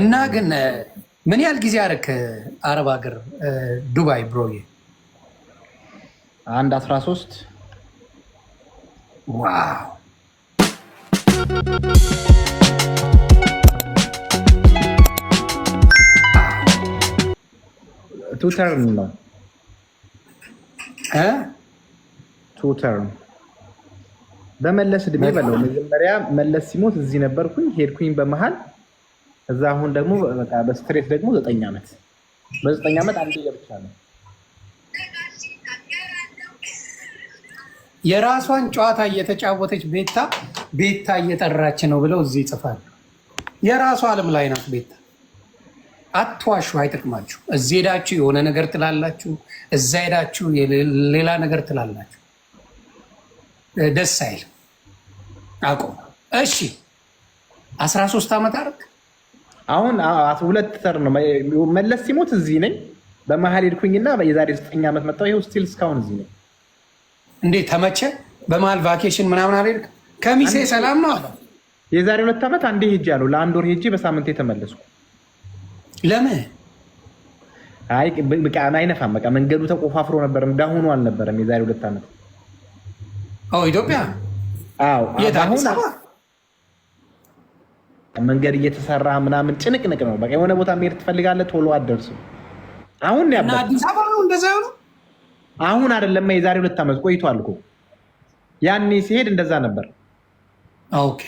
እና ግን ምን ያህል ጊዜ አደረክ አረብ ሀገር ዱባይ ብሮዬ? አንድ አስራ ሶስት ዋው ቱ ተርም ነው ቱ ተርም በመለስ እድሜ በለው መጀመሪያ መለስ ሲሞት እዚህ ነበርኩኝ ሄድኩኝ በመሀል እዛ አሁን ደግሞ በቃ በስትሬት ደግሞ ዘጠኝ ዓመት በዘጠኝ ዓመት አንድ ብቻ ነው የራሷን ጨዋታ እየተጫወተች ቤታ ቤታ እየጠራች ነው ብለው እዚህ ይጽፋሉ። የራሷ ዓለም ላይ ናት ቤታ። አትዋሹ፣ አይጠቅማችሁ። እዚህ ሄዳችሁ የሆነ ነገር ትላላችሁ፣ እዛ ሄዳችሁ ሌላ ነገር ትላላችሁ። ደስ አይል አቁም። እሺ አስራ ሶስት ዓመት አርግ አሁን ሁለት ተር ነው መለስ ሲሞት እዚህ ነኝ። በመሀል ሄድኩኝና የዛሬ ዘጠኝ ዓመት መጣሁ። ይኸው ስቲል እስካሁን እዚህ ነኝ። እንዴት ተመቸ? በመሀል ቫኬሽን ምናምን አልሄድክም? ከሚሴ ሰላም ነው አለ። የዛሬ ሁለት ዓመት አንዴ ሄጅ አለው ለአንድ ወር ሄጄ በሳምንት የተመለስኩ። ለምን? አይነፋም። በቃ መንገዱ ተቆፋፍሮ ነበር፣ እንዳሁኑ አልነበረም። የዛሬ ሁለት ዓመት ኢትዮጵያ መንገድ እየተሰራ ምናምን ጭንቅንቅ ነው። በቃ የሆነ ቦታ መሄድ ትፈልጋለህ፣ ቶሎ አትደርስም። አሁን አሁን አይደለም የዛሬ ሁለት ዓመት ቆይቷል እኮ ያኔ ሲሄድ እንደዛ ነበር። ኦኬ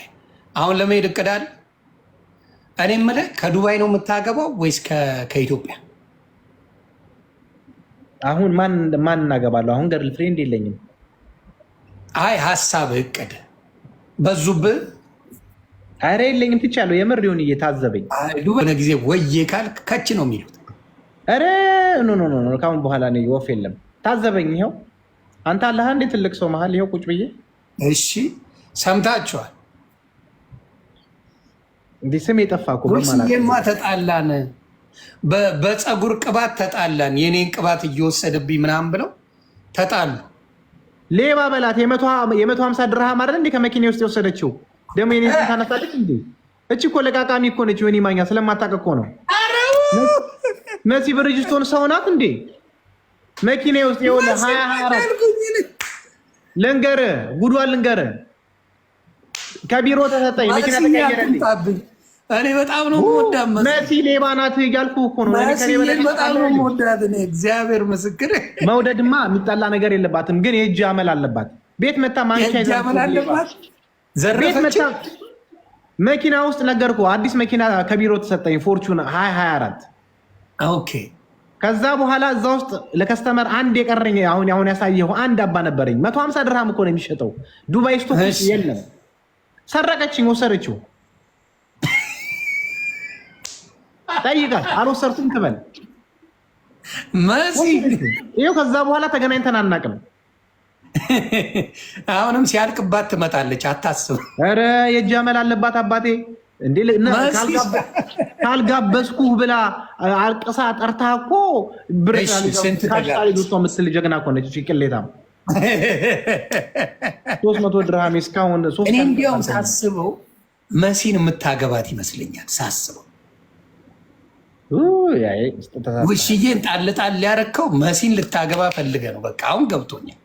አሁን ለመሄድ እቅዳል። እኔ የምልህ ከዱባይ ነው የምታገባው ወይስ ከኢትዮጵያ? አሁን ማን እናገባለሁ? አሁን ገርል ፍሬንድ የለኝም። አይ ሀሳብ እቅድ በዙብህ አረ የለኝም ትቻለሁ። የምር ሊሆን እየታዘበኝ ሆነ ጊዜ ወዬ ካል ከች ነው የሚሉት። አረ ኖ ኖ ኖ ካሁን በኋላ ነው ወፍ የለም። ታዘበኝ። ይኸው አንተ አለህ እንዴ ትልቅ ሰው መሀል ይኸው ቁጭ ብዬ። እሺ ሰምታችኋል። እንዲህ ስም የጠፋ ኩስዬማ ተጣላን፣ በፀጉር ቅባት ተጣላን፣ የኔን ቅባት እየወሰድብኝ ምናምን ብለው ተጣሉ። ሌባ በላት የመቶ ሀምሳ ድርሃ ማድረግ እንዴ ከመኪና ውስጥ የወሰደችው ደግሞ የኔ ታነሳለች እንዴ? እቺ እኮ ለቃቃሚ እኮ ነች። ወኒ ማኛ ስለማታውቅ እኮ ነው። መሲ ብርጅስቶን ሰው ናት እንዴ? መኪና ውስጥ የሆነ ሀያ ሀያ አራት ልንገርህ፣ ጉዷን ልንገርህ። ከቢሮ ተሰጠኝ መኪና ተቀየረልኝ። እኔ በጣም ነው የምወዳት መሲ ሌባ ናት እያልኩ እኮ ነው። በጣም ነው የምወዳት እኔ እግዚአብሔር ምስክር። መውደድማ የሚጠላ ነገር የለባትም፣ ግን የእጅ አመል አለባት። ቤት መታ ማንኪያ ይዘ አለባት ዘረፈች። መኪና ውስጥ ነገርኩ። አዲስ መኪና ከቢሮ ተሰጠኝ፣ ፎርቹን 224 ኦኬ። ከዛ በኋላ እዛ ውስጥ ለከስተመር አንድ የቀረኝ አሁን አሁን ያሳየው አንድ አባ ነበረኝ። መቶ ሀምሳ ድርሃም እኮ ነው የሚሸጠው ዱባይ ስቶክ የለም። ሰረቀችኝ፣ ወሰደችው። ጠይቃት አልወሰድኩም ትበል መሲ። ይኸው ከዛ በኋላ ተገናኝተን አናውቅም። አሁንም ሲያልቅባት ትመጣለች፣ አታስብ። ኧረ የእጅ አመል አለባት አባቴ። እንዴ ብላ አልቅሳ ጠርታ እኮ ብር ምስል ጀግና ኮነች። ቅሌታ ሶስት መቶ ድራሜ እስካሁን እኔ እንዲያውም ሳስበው መሲን የምታገባት ይመስለኛል ሳስበው ውሽዬን ጣል ጣል ያረከው መሲን ልታገባ ፈልገ ነው። በቃ አሁን ገብቶኛል።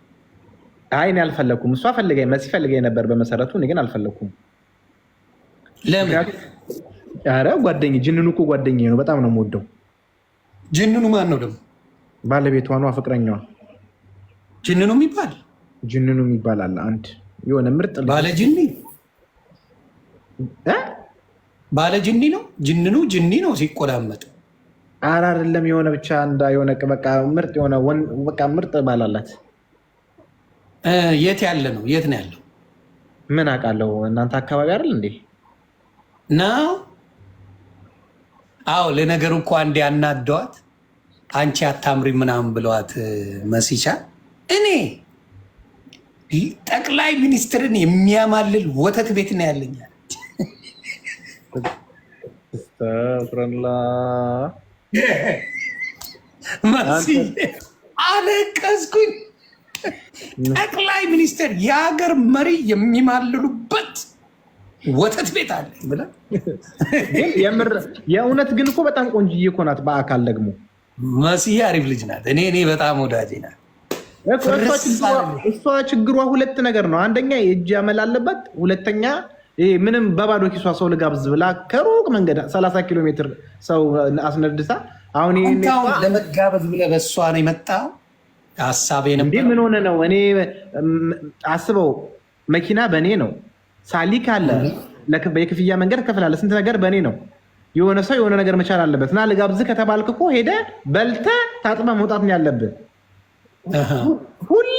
አይ እኔ አልፈለኩም። እሷ ፈልገኝ መሲ ፈልገኝ ነበር በመሰረቱ እኔ ግን አልፈለግኩም። ለምን? ኧረ ጓደኛዬ ጅንኑ እኮ ጓደኛዬ ነው። በጣም ነው የምወደው። ጅንኑ ማን ነው ደግሞ? ባለቤቷ ነዋ፣ ፍቅረኛዋ። ጅንኑ የሚባል ጅንኑ የሚባል አለ። አንድ የሆነ ምርጥ ባለ ጅኒ ባለ ጅኒ ነው። ጅንኑ ጅኒ ነው ሲቆላመጥ። ኧረ አይደለም የሆነ ብቻ እንዳ የሆነ በቃ ምርጥ የሆነ በቃ ምርጥ ባላላት የት ያለ ነው? የት ነው ያለው? ምን አውቃለሁ። እናንተ አካባቢ አይደል እንዴ? ነው። አዎ፣ ለነገሩ እኮ አንድ ያናደዋት አንቺ አታምሪ ምናምን ብለዋት መሲቻ። እኔ ጠቅላይ ሚኒስትርን የሚያማልል ወተት ቤት ነው ያለኛል። አለቀስኩኝ። ጠቅላይ ሚኒስትር የሀገር መሪ የሚማልሉበት ወተት ቤት አለ ብለህ የእውነት ግን እኮ በጣም ቆንጆዬ እኮ ናት። በአካል ደግሞ መስዬ አሪፍ ልጅ ናት። እኔ እኔ በጣም ወዳጅ ናት። እሷ ችግሯ ሁለት ነገር ነው። አንደኛ የእጅ ያመል አለበት፣ ሁለተኛ ምንም በባዶ ኪሷ ሰው ልጋብዝ ብላ ከሩቅ መንገድ 30 ኪሎ ሜትር ሰው አስነድሳ አሁን ለመጋበዝ ብለህ በእሷ ነው የመጣው ሀሳቤ ነበር። ምን ሆነ ነው እኔ አስበው፣ መኪና በእኔ ነው። ሳሊክ አለ፣ የክፍያ መንገድ ከፍላለ፣ ስንት ነገር በእኔ ነው። የሆነ ሰው የሆነ ነገር መቻል አለበት እና ልጋብዝህ ከተባልክ እኮ በልተ ታጥበ መውጣት ነው ያለብህ። ሁሌ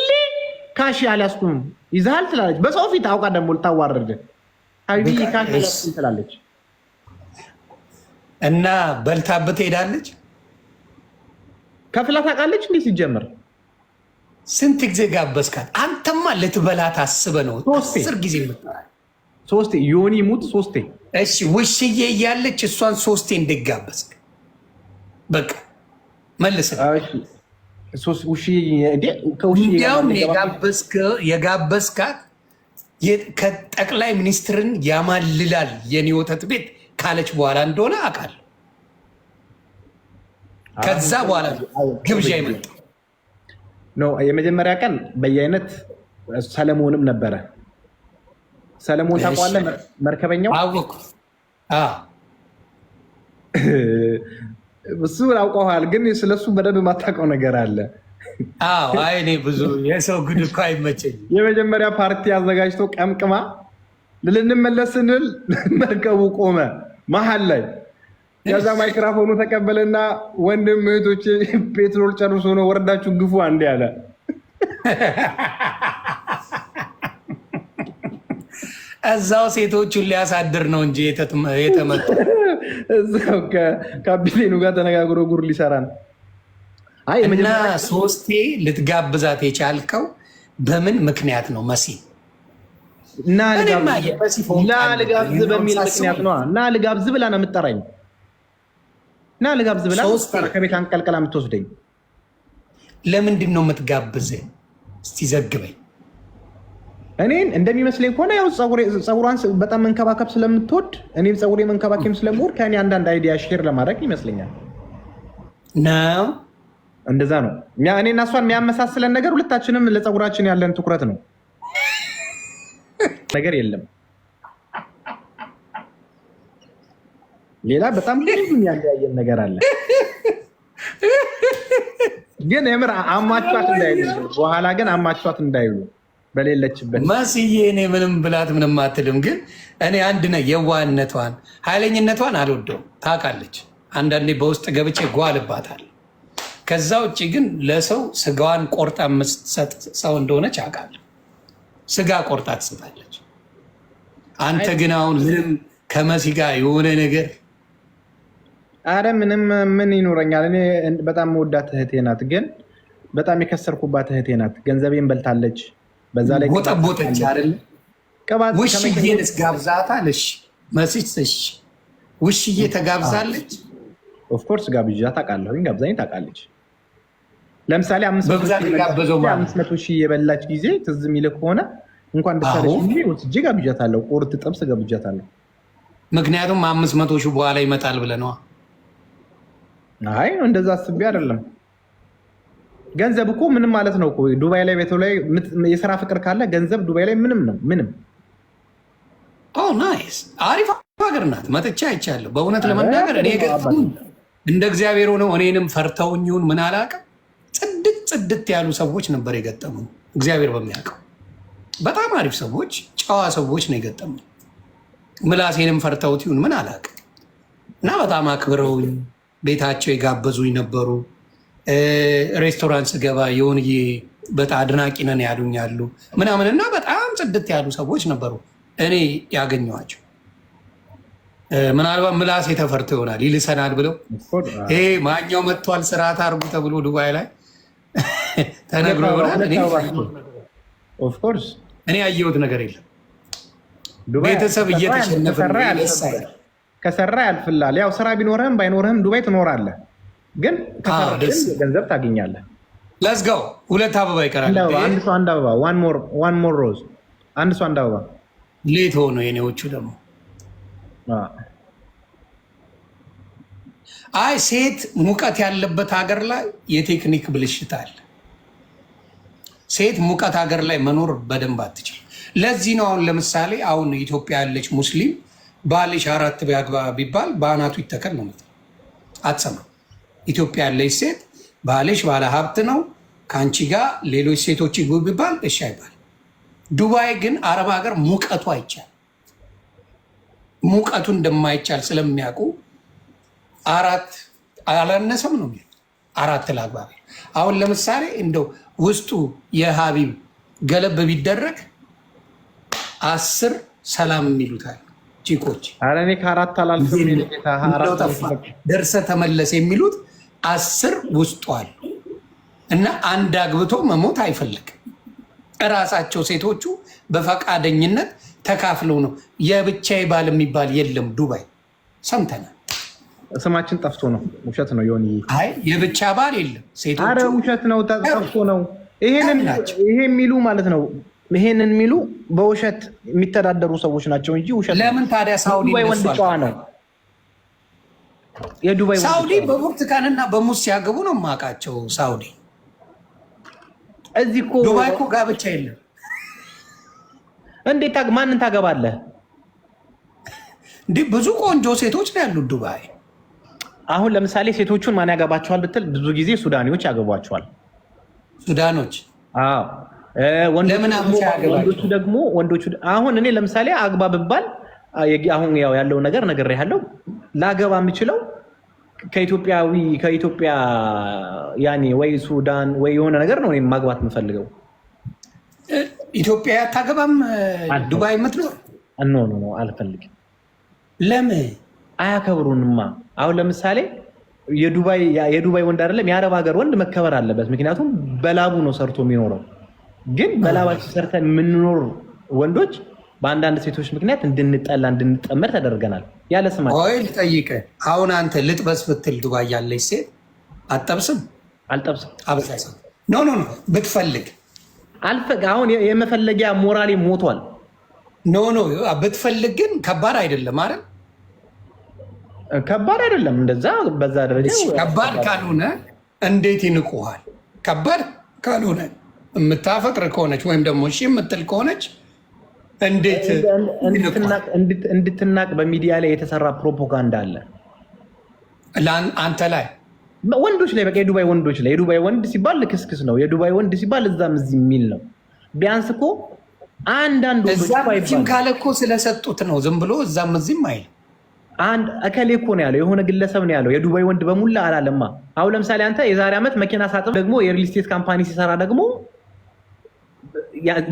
ካሽ አልያዝኩም ይዛል ትላለች። በሰው ፊት አውቃ ደግሞ ልታዋርድ ሀቢብዬ ካሽ አልያዝኩም ትላለች እና በልታብህ ትሄዳለች። ከፍላ ታውቃለች እንዴ ሲጀምር ስንት ጊዜ ጋበዝካት? አንተማ ልትበላት አስበ ነው። አስር ጊዜ ሶስቴ ዮኒ ሙት ሶስቴ። እሺ ውሽዬ እያለች እሷን ሶስቴ እንድጋበዝክ በቃ መልስ። እንዲያውም የጋበዝካት ከጠቅላይ ሚኒስትርን ያማልላል የኔ ወተት ቤት ካለች በኋላ እንደሆነ አውቃለሁ። ከዛ በኋላ ግብዣ ይመጣል የመጀመሪያ ቀን በየአይነት ሰለሞንም ነበረ። ሰለሞን ታውቀዋለህ? መርከበኛው እሱ አውቀዋል፣ ግን ስለሱ በደንብ የማታውቀው ነገር አለ። እኔ ብዙ የሰው ግድ እኮ አይመቸኝ። የመጀመሪያ ፓርቲ አዘጋጅቶ ቀምቅማ ልንመለስ ስንል መርከቡ ቆመ መሀል ላይ ከዛ ማይክራፎኑ ተቀበለና ወንድም እህቶች ፔትሮል ጨርሶ ነው ወረዳችሁ ግፉ አንድ ያለ እዛው ሴቶቹን ሊያሳድር ነው እንጂ የተመጡ እዛው ከካቢቴኑ ጋር ተነጋግሮ ጉር ሊሰራ ነው። እና ሶስቴ ልትጋብዛት የቻልከው በምን ምክንያት ነው? መሲ እና ልጋብዝ በሚል ምክንያት ነው። እና ልጋብዝ ብላ ነው የምጠራኝ እና ልጋብዝ ብላ ከቤት አንቀልቀላ የምትወስደኝ ለምንድን ነው የምትጋብዝ? እስቲ ዘግበኝ። እኔን እንደሚመስለኝ ከሆነ ያው ፀጉሯን በጣም መንከባከብ ስለምትወድ እኔም ፀጉሬ መንከባከብ ስለምወድ ከእኔ አንዳንድ አይዲያ ሼር ለማድረግ ይመስለኛል። ነው እንደዛ ነው። እኔ እና እሷን የሚያመሳስለን ነገር ሁለታችንም ለፀጉራችን ያለን ትኩረት ነው። ነገር የለም ሌላ በጣም ብዙ የሚያለያየን ነገር አለ። ግን የምር አማቸት እንዳይሉ በኋላ ግን አማቸት እንዳይሉ በሌለችበት መስዬ እኔ ምንም ብላት ምንም አትልም። ግን እኔ አንድ ነ የዋህነቷን ኃይለኝነቷን አልወደውም። ታውቃለች፣ አንዳንዴ በውስጥ ገብቼ ጓልባታል። ከዛ ውጭ ግን ለሰው ስጋዋን ቆርጣ የምትሰጥ ሰው እንደሆነች አውቃለሁ። ስጋ ቆርጣ ትሰጣለች። አንተ ግን አሁን ምንም ከመሲ ጋር የሆነ ነገር አረ ምንም ምን ይኖረኛል። እኔ በጣም መወዳት እህቴ ናት፣ ግን በጣም የከሰርኩባት እህቴ ናት። ገንዘቤን በልታለች። በዛ ላይ ቦጠቦጠች አይደለ? ውሽዬንስ ጋብዛታለሽ? መሲስ ውሽዬ ተጋብዛለች? ኦፍኮርስ ጋብዣ ታውቃለሁኝ፣ ጋብዛኝ ታውቃለች። ለምሳሌ አምስት መቶ ሺህ የበላች ጊዜ ትዝ የሚል ከሆነ እንኳን ደሳለች እጅ ወስጄ ጋብዣታለሁ። ቁርት ጥብስ ጋብዣታለሁ። ምክንያቱም አምስት መቶ ሺህ በኋላ ይመጣል ብለነዋ። አይ እንደዛ አስቤ አይደለም። ገንዘብ እኮ ምንም ማለት ነው ዱባይ ላይ ቤቱ ላይ የስራ ፍቅር ካለ ገንዘብ ዱባይ ላይ ምንም ነው። ምንም ናይስ አሪፍ ሀገር ናት። መጥቻ አይቻለሁ። በእውነት ለመናገር እኔ እንደ እግዚአብሔር ሆነው እኔንም ፈርተውኝ ይሁን ምን አላውቅም፣ ጽድት ጽድት ያሉ ሰዎች ነበር የገጠሙኝ። እግዚአብሔር በሚያውቀው በጣም አሪፍ ሰዎች፣ ጨዋ ሰዎች ነው የገጠሙኝ። ምላሴንም ፈርተውት ይሁን ምን አላውቅም እና በጣም አክብረውኝ ቤታቸው የጋበዙኝ ነበሩ። ሬስቶራንት ስገባ የሆንዬ በጣም አድናቂ ነን ያሉኝ አሉ ምናምን እና በጣም ጽድት ያሉ ሰዎች ነበሩ እኔ ያገኘኋቸው። ምናልባት ምላስ የተፈርቶ ይሆናል ይልሰናል ብለው ይሄ ማኛው መጥቷል ስርዓት አርጉ ተብሎ ዱባይ ላይ ተነግሮ ይሆናል። እኔ ያየሁት ነገር የለም። ቤተሰብ እየተሸነፈ ከሰራ ያልፍላል። ያው ስራ ቢኖርህም ባይኖርህም ዱባይ ትኖራለህ፣ ግን ገንዘብ ታገኛለህ። ለዝጋው ሁለት አበባ ይቀራል። አንድ ሰው አንድ አበባ፣ ዋን ሞር ሮዝ፣ አንድ ሰው አንድ አበባ። ሌት ሆኖ የኔዎቹ ደግሞ አይ ሴት ሙቀት ያለበት ሀገር ላይ የቴክኒክ ብልሽት አለ። ሴት ሙቀት ሀገር ላይ መኖር በደንብ አትችል። ለዚህ ነው አሁን ለምሳሌ አሁን ኢትዮጵያ ያለች ሙስሊም ባልሽ አራት ቢያግባ ቢባል በአናቱ ይተከል ነው። አትሰማ ኢትዮጵያ ያለች ሴት ባልሽ ባለ ሀብት ነው ከአንቺ ጋር ሌሎች ሴቶች ይግቡ ቢባል እሺ አይባል። ዱባይ ግን አረብ ሀገር ሙቀቱ አይቻል ሙቀቱ እንደማይቻል ስለሚያውቁ አራት አላነሰም ነው የሚሉት። አራት ላግባቢ። አሁን ለምሳሌ እንደው ውስጡ የሀቢብ ገለብ ቢደረግ አስር ሰላም የሚሉታል ቺኮች ኧረ እኔ ከአራት አላልፍም ደርሰህ ተመለስ የሚሉት አስር ውስጡ አሉ እና አንድ አግብቶ መሞት አይፈልግም። እራሳቸው ሴቶቹ በፈቃደኝነት ተካፍለው ነው። የብቻዬ ባል የሚባል የለም። ዱባይ ሰምተናል። ስማችን ጠፍቶ ነው። ውሸት ነው። ሆን የብቻ ባል የለም። ሴቶቹ ውሸት ነው፣ ጠፍቶ ነው። ይሄ የሚሉ ማለት ነው ይሄንን የሚሉ በውሸት የሚተዳደሩ ሰዎች ናቸው እንጂ ውሸት ለምን ታዲያ ሳውዲ ወንድ ጨዋ ነው። የዱባይ ሳውዲ በብርቱካንና በሙዝ ሲያገቡ ነው የማውቃቸው። ሳውዲ እዚህ እኮ ዱባይ እኮ ጋብቻ የለም። እንዴት ማንን ታገባለህ? እንዲህ ብዙ ቆንጆ ሴቶች ነው ያሉት ዱባይ። አሁን ለምሳሌ ሴቶቹን ማን ያገባቸዋል ብትል ብዙ ጊዜ ሱዳኔዎች ያገቧቸዋል። ሱዳኖች አዎ ወንዶቹ ደግሞ ወንዶቹ አሁን እኔ ለምሳሌ አግባ ብባል አሁን ያው ያለው ነገር ነገር ያለው ላገባ የምችለው ከኢትዮጵያዊ ከኢትዮጵያ ያኔ ወይ ሱዳን ወይ የሆነ ነገር ነው ማግባት የምፈልገው። ኢትዮጵያ አታገባም? ዱባይ የምትኖር ኖ ኖ ኖ አልፈልግም። ለምን አያከብሩንማ። አሁን ለምሳሌ የዱባይ ወንድ አይደለም የአረብ ሀገር ወንድ መከበር አለበት። ምክንያቱም በላቡ ነው ሰርቶ የሚኖረው ግን በላባችን ሰርተን የምንኖር ወንዶች በአንዳንድ ሴቶች ምክንያት እንድንጠላ እንድንጠመር ተደርገናል። ያለ ስማ ይ ልጠይቅህ፣ አሁን አንተ ልጥበስ ብትል ዱባይ ያለች ሴት አጠብስም አልጠብስም አበሳሰ ኖ ኖ ኖ ብትፈልግ አልፈግ አሁን የመፈለጊያ ሞራሌ ሞቷል። ኖ ኖ ብትፈልግ ግን ከባድ አይደለም አይደል? ከባድ አይደለም። እንደዛ በዛ ደረጃ ከባድ ካልሆነ እንዴት ይንቁሃል? ከባድ ካልሆነ የምታፈቅር ከሆነች ወይም ደግሞ እሺ የምትል ከሆነች እንዴት እንድትናቅ በሚዲያ ላይ የተሰራ ፕሮፓጋንዳ አለ አንተ ላይ ወንዶች ላይ በቃ የዱባይ ወንዶች ላይ የዱባይ ወንድ ሲባል ክስክስ ነው። የዱባይ ወንድ ሲባል እዛም እዚህ የሚል ነው። ቢያንስ እኮ አንዳንድ ወንዶችም ካለ እኮ ስለሰጡት ነው። ዝም ብሎ እዛም እዚህም አይልም። አንድ እከሌ እኮ ነው ያለው፣ የሆነ ግለሰብ ነው ያለው። የዱባይ ወንድ በሙላ አላለማ። አሁን ለምሳሌ አንተ የዛሬ ዓመት መኪና ሳጥብ ደግሞ የሪል ስቴት ካምፓኒ ሲሰራ ደግሞ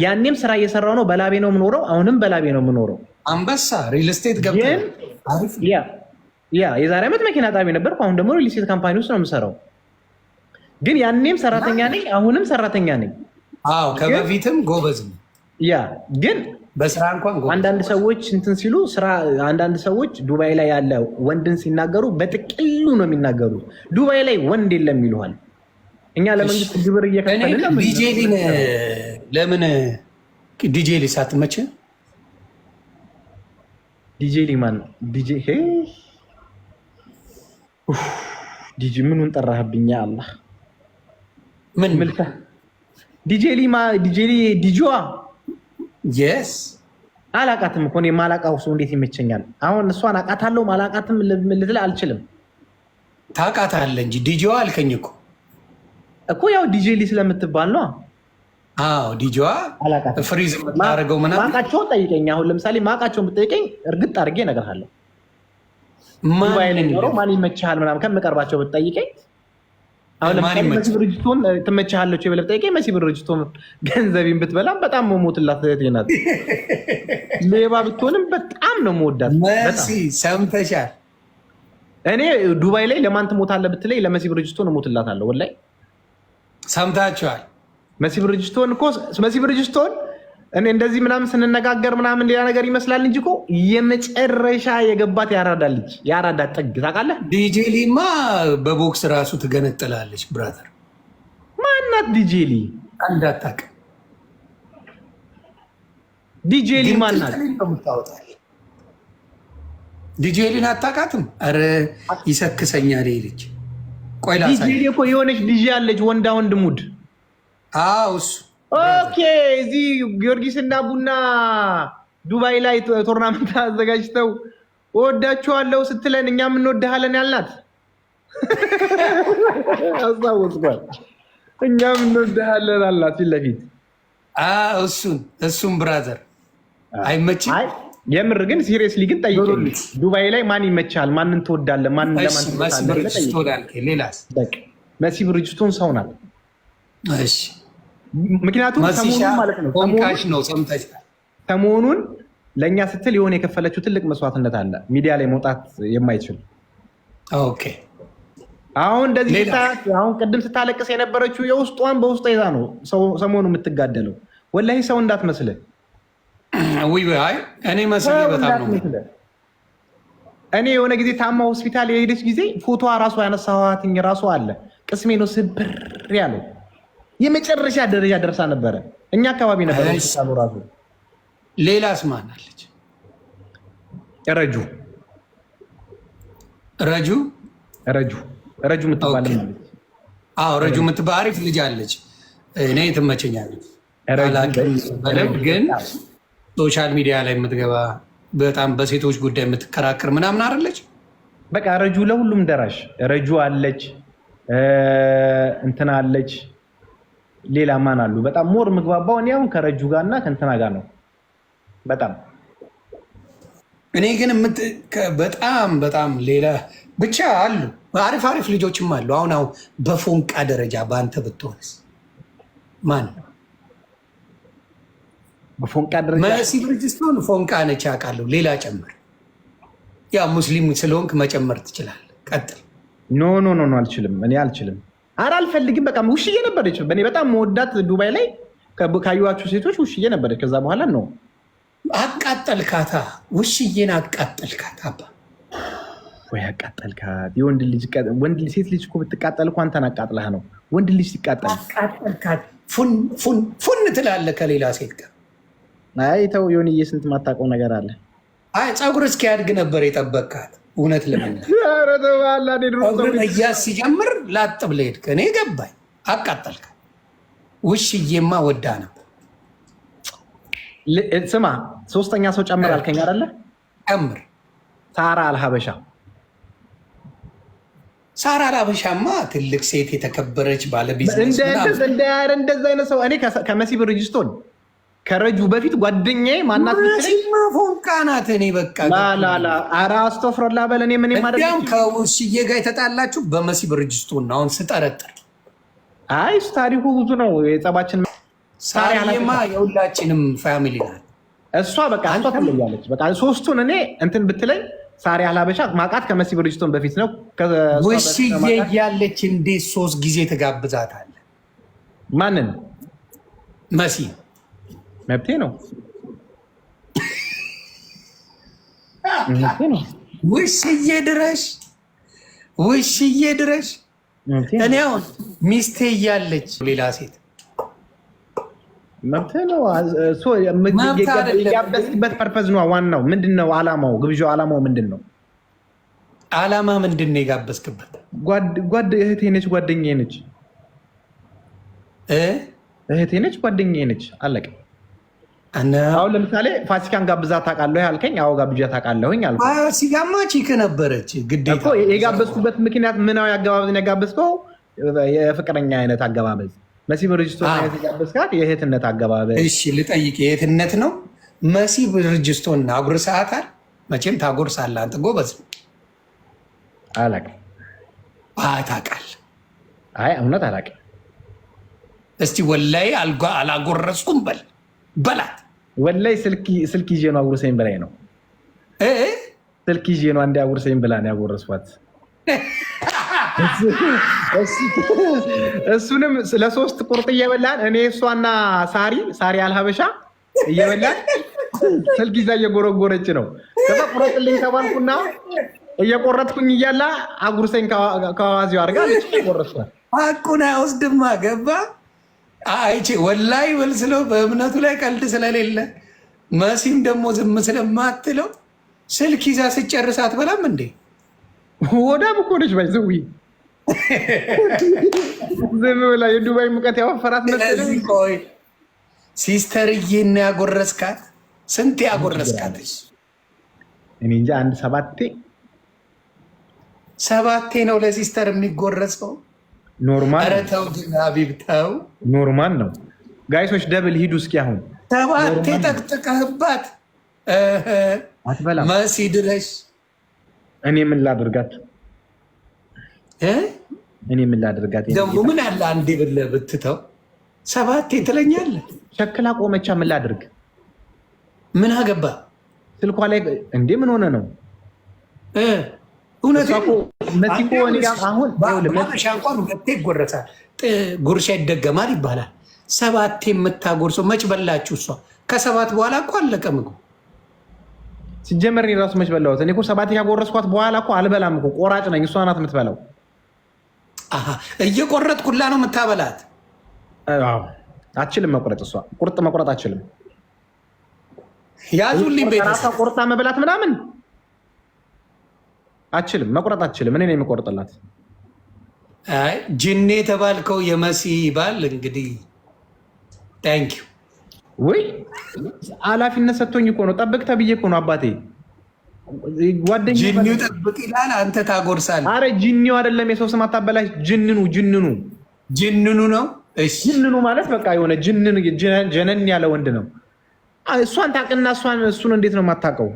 ያኔም ስራ እየሰራው ነው። በላቤ ነው የምኖረው። አሁንም በላቤ ነው የምኖረው። አንበሳ ሪል ስቴት ያ የዛሬ ዓመት መኪና ጣቢ ነበርኩ። አሁን ደግሞ ሪል ስቴት ካምፓኒ ውስጥ ነው የምሰራው። ግን ያኔም ሰራተኛ ነኝ፣ አሁንም ሰራተኛ ነኝ። አዎ ከበፊትም ጎበዝ ነው። ያ ግን በስራ እንኳን አንዳንድ ሰዎች እንትን ሲሉ ስራ አንዳንድ ሰዎች ዱባይ ላይ ያለ ወንድን ሲናገሩ በጥቅሉ ነው የሚናገሩት። ዱባይ ላይ ወንድ የለም ይልኋል። እኛ ለመንግስት ግብር እየከፈልን ለምን ዲጄ ሊ ሳትመች? ዲጄ ሊ ማን ነው? ዲጄ ዲጄ ምኑን ጠራህብኛ? አላ ምን ምልታ ዲጄ ሊ ማ ዲጄ ሊ ዲጆዋ የስ አላቃትም እኮ እኔ ማላቃው ሰው እንዴት ይመቸኛል? አሁን እሷን አቃታለሁ ማላቃትም ልትል አልችልም። ታቃታለ እንጂ ዲጂዋ አልከኝ እኮ እኮ ያው ዲጄ ሊ ስለምትባል ነው። አዎ ዲጂዋ ፍሪዝ የምታደርገው ምናምን ማቃቸውን ጠይቀኝ። አሁን ለምሳሌ ማቃቸውን ብትጠይቀኝ እርግጥ አድርጌ እነግርሃለሁ። ማን ይመችሃል ምናምን ከምቀርባቸው ብትጠይቀኝ አሁን ለምሳሌ መሲ ብርጅቶን ትመችሃለች ብለህ ብትጠይቀኝ መሲ ብርጅቶን ገንዘቤን ብትበላም በጣም መሞትላት እህቴ ናት። ሌባ ብትሆንም በጣም ነው መወዳት። መሲ ሰምተሻል። እኔ ዱባይ ላይ ለማን ትሞታለህ ብትለኝ ለመሲ ብርጅቶን እሞትላታለሁ። ወላሂ ሰምታችኋል። መሲ ብርጅስቶን እኮ መሲ ብርጅስቶን እንደዚህ ምናምን ስንነጋገር ምናምን ሌላ ነገር ይመስላል እንጂ እኮ የመጨረሻ የገባት ያራዳ ልጅ ያራዳ ጥግ ታውቃለህ። ዲጄሊማ በቦክስ ራሱ ትገነጥላለች። ብራተር ማናት ዲጄሊ እንዳታውቅ ዲጄሊ ማናት ዲጄሊን አታውቃትም? ኧረ ይሰክሰኛል ልጅ። ቆይ ዲጄሊ እኮ የሆነች ዲጄ አለች ወንዳ ወንድ ሙድ እሱ ኦኬ። እዚህ ጊዮርጊስ እና ቡና ዱባይ ላይ ቶርናመንት አዘጋጅተው እወዳችኋለሁ ስትለን እኛም እንወድሃለን ያልናት አስታወስኳል። እኛም እንወድሃለን አልናት ፊት ለፊት እሱን እሱን ብራዘር አይመችም። የምር ግን ሲሪየስሊ ግን ጠይቀኝ፣ ዱባይ ላይ ማን ይመቻል? ማንን ትወዳለህ? ማን ለማን ትወዳለህ? መሲ ብርጅቱን ሰውናል። እሺ ምክንያቱም ሰሞኑን ማለት ነው ሰሞኑን ለእኛ ስትል የሆነ የከፈለችው ትልቅ መስዋዕትነት አለ፣ ሚዲያ ላይ መውጣት የማይችል ኦኬ። አሁን እንደዚህ አሁን ቅድም ስታለቅስ የነበረችው የውስጧን በውስጧ ይዛ ነው ሰሞኑ የምትጋደለው። ወላሂ ሰው እንዳትመስል እኔ መስዬ በጣም ነው እኔ የሆነ ጊዜ ታማ ሆስፒታል የሄደች ጊዜ ፎቶዋ ራሱ ያነሳኋትኝ ራሱ አለ ቅስሜ ነው ስብር ያለው የመጨረሻ ደረጃ ደርሳ ነበረ። እኛ አካባቢ ነበረ። ራሱ ሌላስ አለች? ረጁ ረጁ ረጁ ረጁ የምትባል አዎ፣ ረጁ የምትባል አሪፍ ልጅ አለች። እኔ ትመቸኛለች፣ ግን ሶሻል ሚዲያ ላይ የምትገባ በጣም በሴቶች ጉዳይ የምትከራከር ምናምን አለች። በቃ ረጁ ለሁሉም ደራሽ ረጁ አለች፣ እንትና አለች ሌላ ማን አሉ? በጣም ሞር ምግባባው እኔ አሁን ከረጁ ጋር እና ከንትና ጋር ነው። በጣም እኔ ግን በጣም በጣም ሌላ ብቻ አሉ። አሪፍ አሪፍ ልጆችም አሉ። አሁን አሁን በፎንቃ ደረጃ በአንተ ብትሆንስ ማን በፎንቃ ደረጃ መሲ ብርጅስቶን ፎንቃ ነች አውቃለሁ። ሌላ ጨምር። ያ ሙስሊም ስለሆንክ መጨመር ትችላለህ። ቀጥል። ኖ ኖ ኖ፣ አልችልም እኔ አልችልም አረ አልፈልግም በቃ ውሽዬ ነበረች። በእኔ በጣም መወዳት ዱባይ ላይ ካዩዋችሁ ሴቶች ውሽዬ ነበረች። ከዛ በኋላ ነው አቃጠልካታ፣ ውሽዬን አቃጠልካታ። ወይ አቃጠልካት። የወንድ ልጅ ሴት ልጅ እኮ ብትቃጠል እኮ አንተን አቃጥላህ ነው። ወንድ ልጅ ሲቃጠል አቃጠልካት፣ ፉን ትላለህ ከሌላ ሴት ጋር። አይ ተው የሆንዬ፣ ስንት ማታውቀው ነገር አለ። አይ ፀጉር እስኪያድግ ነበር የጠበቅካት እውነት ለመናገር ሲጀምር ላጥ ብለህ ሄድክ። እኔ ገባኝ። አቃጠልክ። ውሽዬማ ወዳ ነበር። ስማ ሶስተኛ ሰው ጨምር አልከኝ አይደለ? ጨምር። ሳራ አልሀበሻ ሳራ አልሀበሻማ ትልቅ ሴት የተከበረች ባለቢዝነስ እንደዚህ አይነት ሰው እኔ ከመሲብ ሬጅስቶን ከረጁ በፊት ጓደኛዬ ማናት ፎንቃ ናት። እኔ በቃ ላላላ ኧረ አስተፍረላ በል እኔ ምን ማድረግ እንዲያውም ጋር የተጣላችሁ በመሲ ብርጅስቱ ነው አሁን ስጠረጥር። አይ ታሪኩ ብዙ ነው የጸባችን ሳሪማ የሁላችንም ፋሚሊ ናት እሷ። በቃ አንቷ ትለያለች። በቃ ሶስቱን እኔ እንትን ብትለኝ ሳሪ አላበሻ ማቃት ከመሲ ብርጅስቶን በፊት ነው። ውስዬ እያለች እንዴት ሶስት ጊዜ ትጋብዛታለህ? ማንን መሲ መብቴ ነው። ውሽዬ ድረሽ ውሽዬ ድረሽ። እኔ አሁን ሚስቴ እያለች ሌላ ሴት መብት ነው። ያበስበት ፐርፐዝ ነው ዋናው። ምንድን ነው አላማው? ግብዣ አላማው ምንድን ነው? አላማ ምንድን ነው? የጋበዝክበት ጓድ እህቴ ነች፣ ጓደኛዬ ነች። እህቴ ነች፣ ጓደኛዬ ነች። አለቀ። አሁን ለምሳሌ ፋሲካን ጋብዛ ታውቃለህ ያልከኝ፣ አዎ ጋብዣ ታውቃለሁኝ አልኩህ። ፋሲካማ ቺክ ነበረች ግዴታ። የጋበዝኩበት ምክንያት ምናዊ አገባበዝ ያጋበዝከው የፍቅረኛ አይነት አገባበዝ መሲ ሬጅስቶር አይነት የጋበዝካት የእህትነት አገባበዝ። እሺ ልጠይቅ፣ የእህትነት ነው መሲ ሬጅስቶርና አጉር ሰዓታል። መቼም ታጎርሳለህ አንተ ጎበዝ ነው። አላውቅም። አይ እውነት አላቅ። እስቲ ወላሂ አላጎረስኩም በል በላት ወላይ ስልክ ይዤ ነው አጉርሰኝ ብላኝ ነው። ስልክ ይዤ ነው አንዴ አጉርሰኝ ብላ ነው ያጎረስኳት። እሱንም ለሶስት ቁርጥ እየበላን እኔ እሷና ሳሪ ሳሪ አልሀበሻ እየበላን ስልክ ይዛ እየጎረጎረች ነው። ከዛ ቁረጥልኝ ተባልኩና እየቆረጥኩኝ እያላ አጉርሰኝ ከዋዚው አድርጋ ቆረጥኳል። አቁን አይወስድማ ገባ አይቺ ወላይ ወል ስለው በእምነቱ ላይ ቀልድ ስለሌለ መሲም ደግሞ ዝም ስለማትለው ስልክ ይዛ ስጨርስ አትበላም እንዴ? ወዳ ብኮነች ባይ ባይዘዊ ዝም ብላ የዱባይ ሙቀት ያወፈራት መሰለኝ። ሲስተርዬን ያጎረስካት ስንት ያጎረስካት? እኔ እንጃ አንድ ሰባቴ ሰባቴ ነው ለሲስተር የሚጎረሰው። ኖርማል ኧረ ተው ግን ሀቢብ ተው፣ ኖርማል ነው። ጋይሶች ደብል ሂዱ እስኪ አሁን ሰባቴ ጠቅጥቀህባት አትበላም። መሲ ድረሽ እኔ ምን ላድርጋት እኔ ምን ላደርጋት? ደግሞ ምን አለ አንዴ ብለህ ብትተው ሰባት ትለኛለህ። ሸክላ ቆመቻ ምን ላድርግ? ምን አገባ ስልኳ ላይ እንዴ? ምን ሆነ ነው እውነት ሜክሲኮ ሁለቴ ይጎረሳል። ጉርሻ ይደገማል ይባላል። ሰባቴ የምታጎርሰው መች በላችሁ? እሷ ከሰባት በኋላ እኮ አለቀ ምግቡ። ሲጀመር እኔ ራሱ መች በላሁት? እኔ እኮ ሰባቴ ካጎረስኳት በኋላ እኮ አልበላም እኮ ቆራጭ ነኝ። እሷ ናት የምትበላው። እየቆረጥኩ ነው የምታበላት። አችልም መቁረጥ፣ እሷ ቁርጥ መቁረጥ አችልም። ያዙልኝ ቤት ቁርጣ መብላት ምናምን አችልም መቁረጥ አችልም። እኔ ነው የሚቆርጥላት። ጅኔ የተባልከው የመሲ ባል እንግዲህ ታንክ ዩ። ወይ ኃላፊነት ሰጥቶኝ እኮ ነው። ጠብቅ ተብዬ እኮ ነው አባቴ። ጓደኛው ጠብቅ ይላል፣ አንተ ታጎርሳል። አረ ጅኒው አይደለም የሰው ስም አታበላሽ። ጅንኑ ጅንኑ ጅንኑ ነው። ጅንኑ ማለት በቃ የሆነ ጅንን ጀነን ያለ ወንድ ነው። እሷን ታውቅና እሷን እሱን እንዴት ነው የማታውቀው?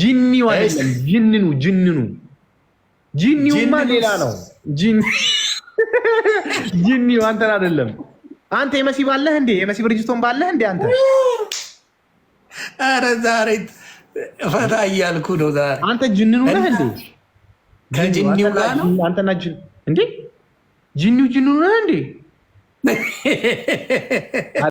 ጂኒው አይደለም፣ ጅንኑ ጅንኑ ጂኒውማ ሌላ ነው። ጂኒው አንተን አይደለም። አንተ የመሲ ባለህ እንዴ? የመሲ ብርጅቶን ባለህ እንዴ? አንተ አረ ዛሬ ፈታ እያልኩ ነው። ዛሬ አንተ ጅንኑ ነህ እንዴ? ከጅኒው ጋር ነው አንተና ጅን እንዴ? ጅኒው ጅንኑ ነህ እንዴ?